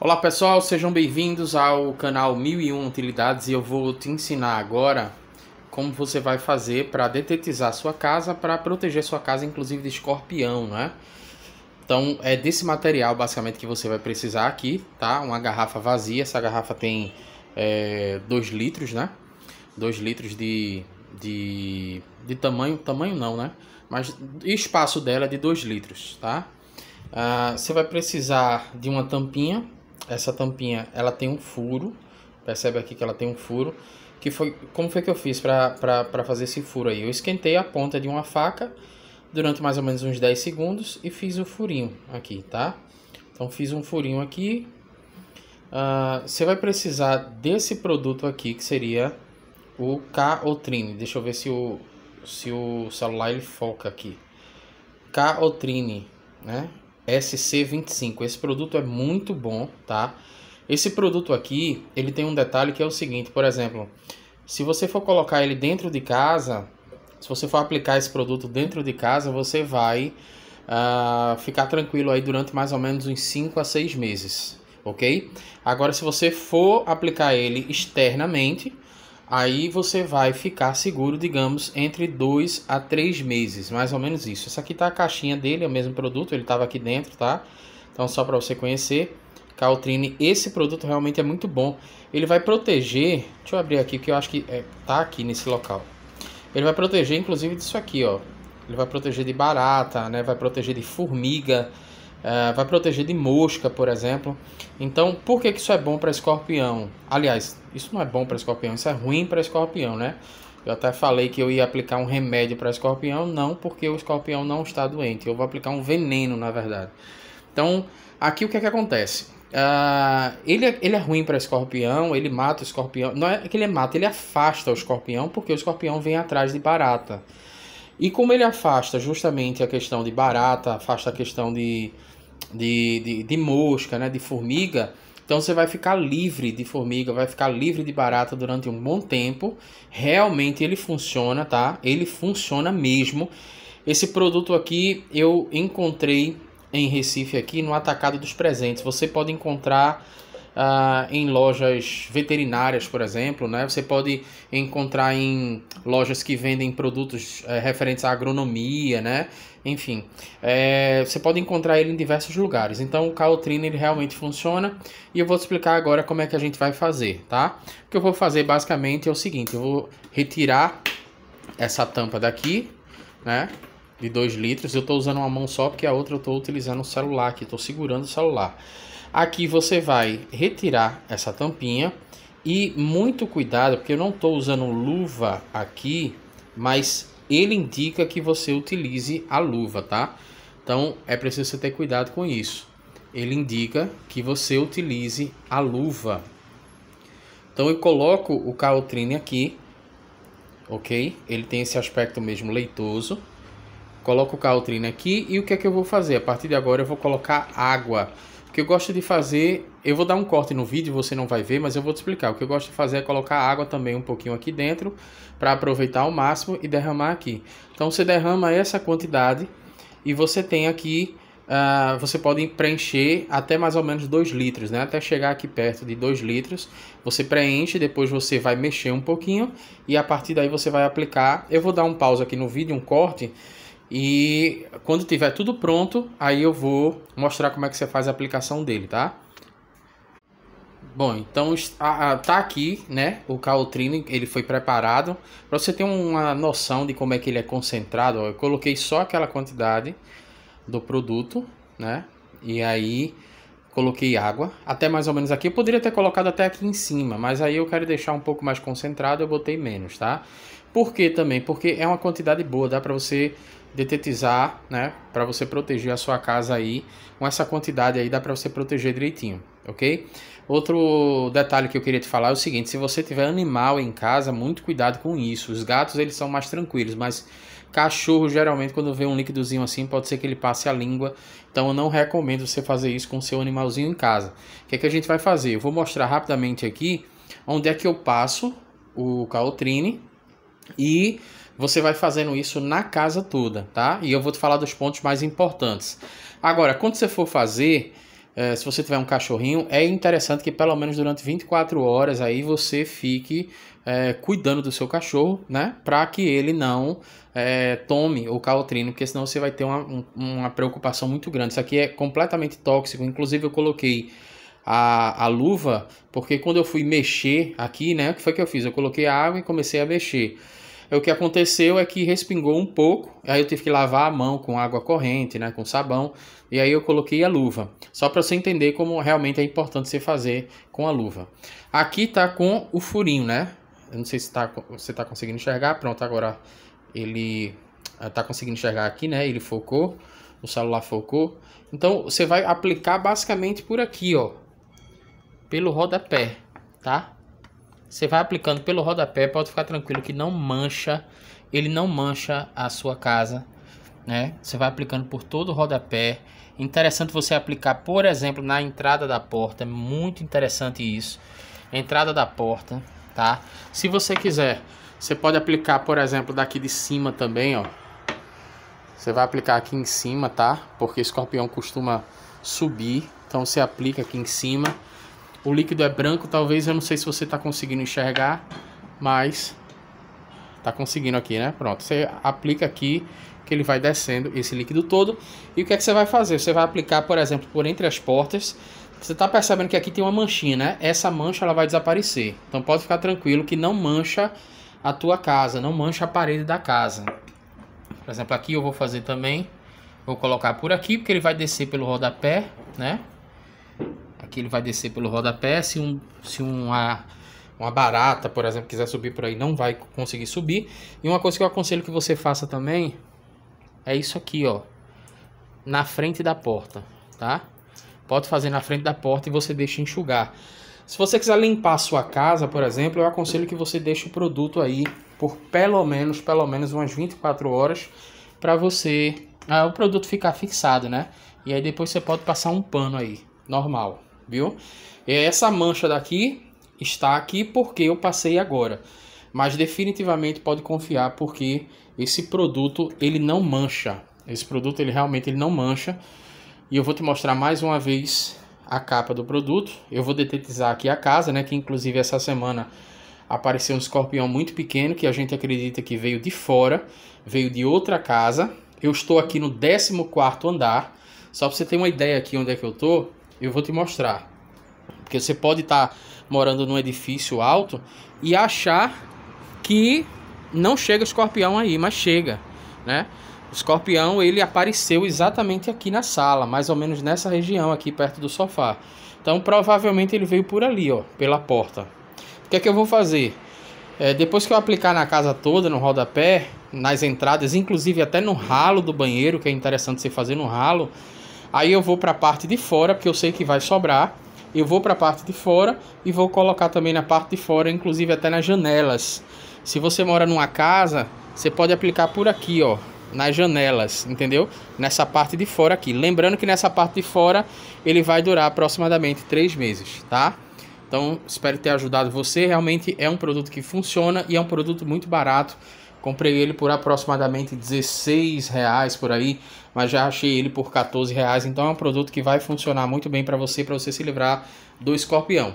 Olá pessoal, sejam bem-vindos ao canal 1001 Utilidades e eu vou te ensinar agora como você vai fazer para detetizar sua casa, para proteger sua casa inclusive de escorpião, né? Então é desse material basicamente que você vai precisar aqui, tá? Uma garrafa vazia, essa garrafa tem 2 é, litros, né? 2 litros de, de, de tamanho, tamanho não, né? Mas espaço dela é de 2 litros, tá? Ah, você vai precisar de uma tampinha essa tampinha ela tem um furo, percebe aqui que ela tem um furo. Que foi, como foi que eu fiz para fazer esse furo aí? Eu esquentei a ponta de uma faca durante mais ou menos uns 10 segundos e fiz o um furinho aqui, tá? Então fiz um furinho aqui. Uh, você vai precisar desse produto aqui que seria o K-Otrine. Deixa eu ver se o, se o celular ele foca aqui. K-Otrine, né? SC25. Esse produto é muito bom, tá? Esse produto aqui, ele tem um detalhe que é o seguinte, por exemplo, se você for colocar ele dentro de casa, se você for aplicar esse produto dentro de casa, você vai uh, ficar tranquilo aí durante mais ou menos uns 5 a 6 meses, ok? Agora, se você for aplicar ele externamente, aí você vai ficar seguro, digamos, entre 2 a 3 meses, mais ou menos isso. Essa aqui tá a caixinha dele, é o mesmo produto, ele estava aqui dentro, tá? Então só para você conhecer, Caltrine, esse produto realmente é muito bom. Ele vai proteger, deixa eu abrir aqui que eu acho que é, tá aqui nesse local. Ele vai proteger inclusive disso aqui, ó. Ele vai proteger de barata, né? Vai proteger de formiga, é, vai proteger de mosca, por exemplo. Então, por que, que isso é bom para escorpião? Aliás, isso não é bom para escorpião, isso é ruim para escorpião, né? Eu até falei que eu ia aplicar um remédio para escorpião, não, porque o escorpião não está doente. Eu vou aplicar um veneno, na verdade. Então, aqui o que, é que acontece? Uh, ele, é, ele é ruim para escorpião, ele mata o escorpião. Não é que ele mata, ele afasta o escorpião, porque o escorpião vem atrás de barata. E como ele afasta justamente a questão de barata, afasta a questão de, de, de, de mosca, né, de formiga, então você vai ficar livre de formiga, vai ficar livre de barata durante um bom tempo. Realmente ele funciona, tá? Ele funciona mesmo. Esse produto aqui eu encontrei em Recife aqui no atacado dos presentes. Você pode encontrar ah, em lojas veterinárias, por exemplo, né? Você pode encontrar em lojas que vendem produtos eh, referentes à agronomia, né? Enfim, é, você pode encontrar ele em diversos lugares. Então, o Caltrina ele realmente funciona e eu vou te explicar agora como é que a gente vai fazer, tá? O que eu vou fazer basicamente é o seguinte: eu vou retirar essa tampa daqui, né? De 2 litros. Eu estou usando uma mão só porque a outra eu estou utilizando o celular aqui, estou segurando o celular. Aqui você vai retirar essa tampinha e muito cuidado, porque eu não estou usando luva aqui, mas ele indica que você utilize a luva, tá? Então é preciso você ter cuidado com isso. Ele indica que você utilize a luva. Então eu coloco o caltrine aqui, ok? Ele tem esse aspecto mesmo leitoso. Coloco o caltrine aqui e o que é que eu vou fazer? A partir de agora eu vou colocar água. O que eu gosto de fazer, eu vou dar um corte no vídeo, você não vai ver, mas eu vou te explicar. O que eu gosto de fazer é colocar água também um pouquinho aqui dentro, para aproveitar ao máximo e derramar aqui. Então você derrama essa quantidade e você tem aqui Uh, você pode preencher até mais ou menos 2 litros, né? Até chegar aqui perto de 2 litros. Você preenche, depois você vai mexer um pouquinho e a partir daí você vai aplicar. Eu vou dar um pausa aqui no vídeo, um corte, e quando tiver tudo pronto, aí eu vou mostrar como é que você faz a aplicação dele, tá? Bom, então tá aqui, né, o Caltrine, ele foi preparado. Para você ter uma noção de como é que ele é concentrado, eu coloquei só aquela quantidade do produto, né? E aí Coloquei água, até mais ou menos aqui. Eu poderia ter colocado até aqui em cima, mas aí eu quero deixar um pouco mais concentrado, eu botei menos, tá? Por que também? Porque é uma quantidade boa, dá para você detetizar, né? Para você proteger a sua casa aí. Com essa quantidade aí dá para você proteger direitinho, ok? Outro detalhe que eu queria te falar é o seguinte, se você tiver animal em casa, muito cuidado com isso. Os gatos, eles são mais tranquilos, mas Cachorro, geralmente, quando vê um líquidozinho assim, pode ser que ele passe a língua. Então, eu não recomendo você fazer isso com seu animalzinho em casa. O que, é que a gente vai fazer? Eu vou mostrar rapidamente aqui onde é que eu passo o Caltrine e você vai fazendo isso na casa toda, tá? E eu vou te falar dos pontos mais importantes. Agora, quando você for fazer, é, se você tiver um cachorrinho, é interessante que pelo menos durante 24 horas aí você fique é, cuidando do seu cachorro, né? Para que ele não é, tome o calotrino, porque senão você vai ter uma, uma preocupação muito grande. Isso aqui é completamente tóxico. Inclusive, eu coloquei a, a luva, porque quando eu fui mexer aqui, né? O que foi que eu fiz? Eu coloquei a água e comecei a mexer. É, o que aconteceu é que respingou um pouco, aí eu tive que lavar a mão com água corrente, né, com sabão, e aí eu coloquei a luva. Só para você entender como realmente é importante você fazer com a luva. Aqui tá com o furinho, né? Eu não sei se tá, você está conseguindo enxergar. Pronto, agora ele está ah, conseguindo enxergar aqui, né? Ele focou, o celular focou. Então, você vai aplicar basicamente por aqui, ó. Pelo rodapé, tá? Você vai aplicando pelo rodapé, pode ficar tranquilo que não mancha. Ele não mancha a sua casa, né? Você vai aplicando por todo o rodapé. Interessante você aplicar, por exemplo, na entrada da porta. É muito interessante isso. Entrada da porta tá? Se você quiser, você pode aplicar, por exemplo, daqui de cima também, ó. Você vai aplicar aqui em cima, tá? Porque escorpião costuma subir, então você aplica aqui em cima. O líquido é branco, talvez, eu não sei se você tá conseguindo enxergar, mas tá conseguindo aqui, né? Pronto, você aplica aqui que ele vai descendo esse líquido todo. E o que é que você vai fazer? Você vai aplicar, por exemplo, por entre as portas. Você está percebendo que aqui tem uma manchinha, né? Essa mancha ela vai desaparecer. Então pode ficar tranquilo que não mancha a tua casa, não mancha a parede da casa. Por exemplo, aqui eu vou fazer também, vou colocar por aqui, porque ele vai descer pelo rodapé, né? Aqui ele vai descer pelo rodapé, se, um, se uma, uma barata, por exemplo, quiser subir por aí, não vai conseguir subir. E uma coisa que eu aconselho que você faça também é isso aqui, ó, na frente da porta, Tá? Pode fazer na frente da porta e você deixa enxugar. Se você quiser limpar a sua casa, por exemplo, eu aconselho que você deixe o produto aí por pelo menos, pelo menos umas 24 horas para você ah, o produto ficar fixado, né? E aí depois você pode passar um pano aí, normal, viu? E essa mancha daqui está aqui porque eu passei agora. Mas definitivamente pode confiar porque esse produto ele não mancha. Esse produto ele realmente ele não mancha. E eu vou te mostrar mais uma vez a capa do produto. Eu vou detetizar aqui a casa, né? Que inclusive essa semana apareceu um escorpião muito pequeno que a gente acredita que veio de fora, veio de outra casa. Eu estou aqui no 14º andar. Só para você ter uma ideia aqui onde é que eu tô, eu vou te mostrar. Porque você pode estar tá morando num edifício alto e achar que não chega escorpião aí, mas chega, né? O escorpião ele apareceu exatamente aqui na sala, mais ou menos nessa região aqui perto do sofá. Então provavelmente ele veio por ali, ó, pela porta. O que é que eu vou fazer? É, depois que eu aplicar na casa toda, no rodapé, nas entradas, inclusive até no ralo do banheiro, que é interessante você fazer no ralo, aí eu vou para a parte de fora, porque eu sei que vai sobrar. Eu vou para a parte de fora e vou colocar também na parte de fora, inclusive até nas janelas. Se você mora numa casa, você pode aplicar por aqui, ó, nas janelas, entendeu? Nessa parte de fora aqui. Lembrando que nessa parte de fora ele vai durar aproximadamente 3 meses, tá? Então, espero ter ajudado você. Realmente é um produto que funciona e é um produto muito barato. Comprei ele por aproximadamente 16 reais por aí, mas já achei ele por 14 reais. Então é um produto que vai funcionar muito bem para você, para você se livrar do escorpião.